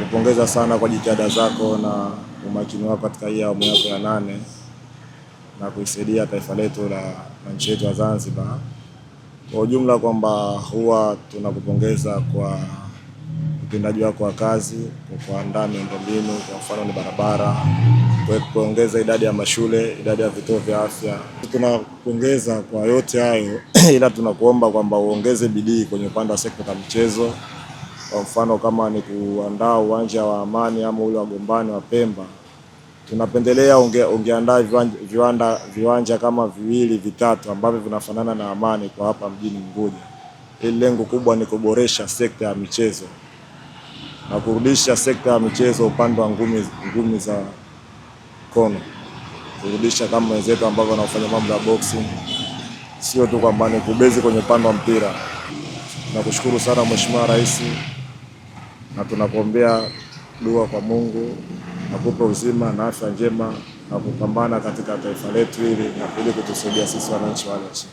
nakupongeza sana kwa jitihada zako na umakini wako katika hii awamu yako ya nane na kuisaidia taifa letu la na nchi yetu ya Zanzibar kwa ujumla, kwamba huwa tunakupongeza kwa utendaji wako wa kazi kwa kuandaa miundombinu, kwa mfano ni barabara, kwa kuongeza idadi ya mashule, idadi ya vituo vya afya. Tunakupongeza kwa yote hayo ila tunakuomba kwamba uongeze bidii kwenye upande wa sekta ya michezo. Kwa mfano kama ni kuandaa uwanja wa Amani ama ule wa Gombani wa Pemba, tunapendelea unge, ungeandaa viwanja, viwanja kama viwili vitatu ambavyo vinafanana na Amani kwa hapa mjini Unguja, ili lengo kubwa ni kuboresha sekta ya michezo na kurudisha sekta ya michezo upande wa ngumi, ngumi za kono, kurudisha kama wenzetu ambavyo wanafanya mambo ya boxing, sio tu kwamba ni kubezi kwenye upande wa mpira. Nakushukuru sana Mheshimiwa Rais na tunakuombea dua kwa Mungu akupe uzima na afya njema na kupambana katika taifa letu hili na kuja kutusaidia sisi wananchi wa nchi.